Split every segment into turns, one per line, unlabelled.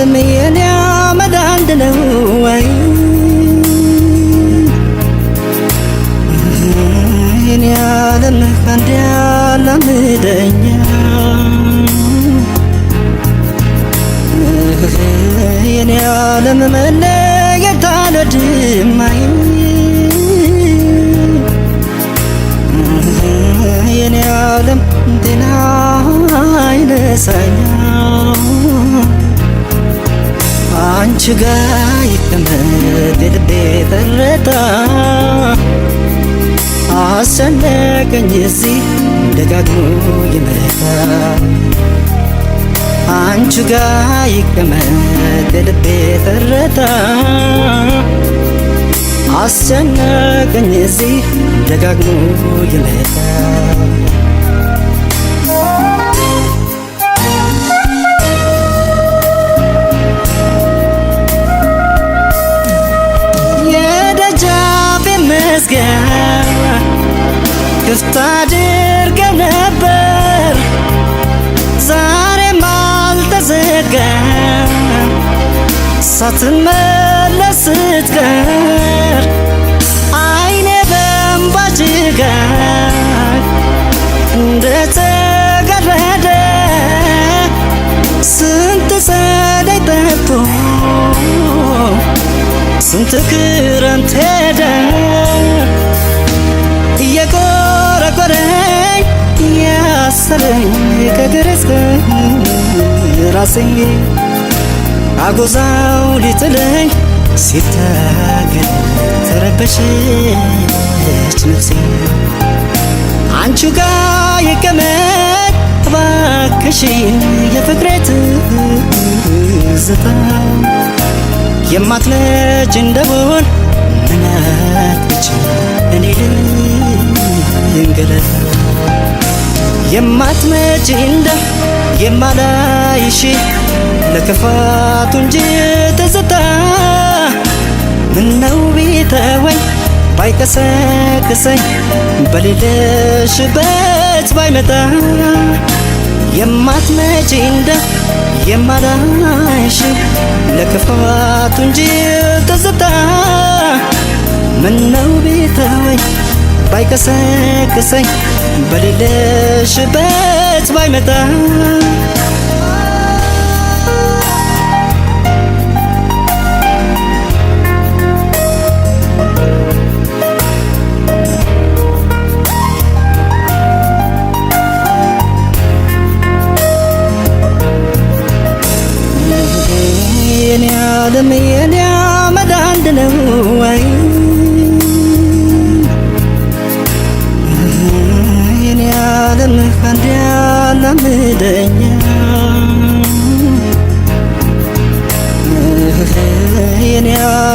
ዓለም የኔ አመድ አንድ ነው ወይ? የኔ ዓለም አንድ ያላምደኛ የኔ ዓለም መለየት አልወድማይ የኔ ዓለም ጤና አይነሳኛ ጋ ይተመድ ልቤ ተረታ አሰነቀኝ እዚህ ደጋግሞ ይመታ አንቺ ጋ ይቀመጥ ልቤ ተረታ አስጨነቀኝ እዚህ ደጋግሞ ይመታ ክፍት አድርገው ነበር ዛሬም አልተዘጋም ሳትመለስ ስትቀር አይኔ በእንባ ጭጋግ እንደተጋረደ ስንት ጸደይ ጠብቶ ስንት ክረምት ሄደ መሰለኝ ከግር ራሴ አጎዛው ሊጥለኝ ሲታገል ተረበሸች ነፍሴ አንቺ ጋ ይቀመጥ እባክሽ የፍቅሬት ዝታ የማትለጅ እንደሆን ምናትች እኔ ልንገለታ የማትመጪ እንደ የማላይሽ ለክፋቱ እንጂ ትዝታ ምነው ቢተወኝ ባይቀሰቅሰኝ በሌለሽበት ባይመጣ የማትመጪ እንደ የማላይሽ ለክፋቱ እንጂ ትዝታ ምነው ቢተወኝ ባይቀሰቅሰኝ በሌለሽበት ባይመጣ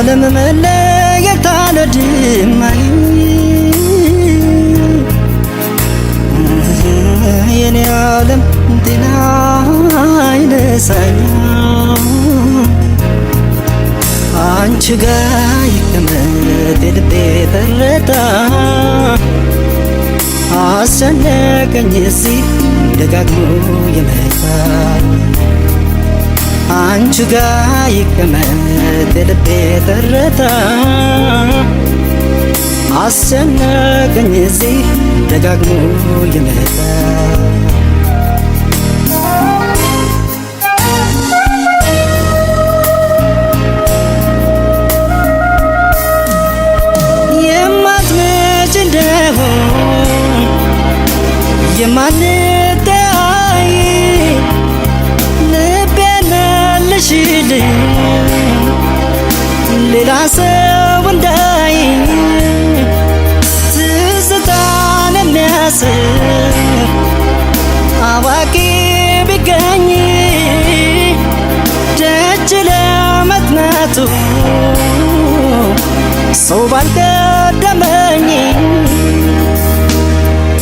ከዓለም መለየት አልወድም የኔ ዓለም ጤና አንቺ ጋ ይቀመጥ የልቤ በረታ ደጋግሞ የመጣ አንቺ ጋ ይቀመጥ የልቤ ትርታ አስጨነቀኝ እዚህ ደጋግሞ ይመጣ ሌላ ሰው እንዳይ ትዝታን የሚያስብ አዋቂ ቢገኝ ደጅ ለመትነቱ ሰው ባልቀደመኝ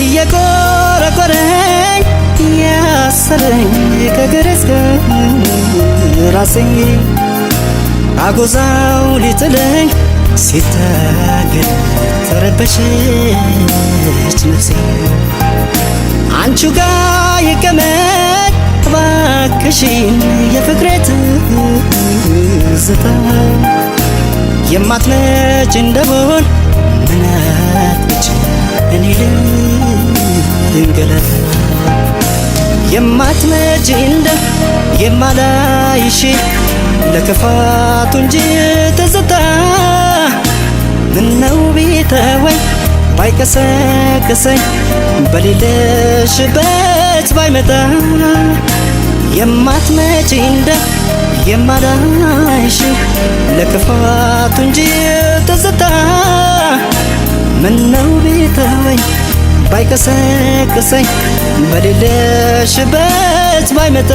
እየቆረቆረኝ ያሰረኝ ከግር እስከ ራስኝ አጎዛው ሊጥለኝ ሲታገል ተረበሸች ነፍሴ አንቹ ጋር ይቀመጥ ባክሽን የፍቅሬት ዝታ የማትመጭ እንደሆን ምናትች እኔ ልንገላት የማትመጭ እንደ የማላይሽ ለክፋቱ እንጂ ትዝታ ምነው ቢተወኝ ባይቀሰቅሰኝ በሌለሽበት ባይመጣ የማትመጪ እንደ የማላይሽ ለክፋቱ እንጂ ትዝታ ምነው ቢተወኝ ባይቀሰቅሰኝ በሌለሽበት ባይመጣ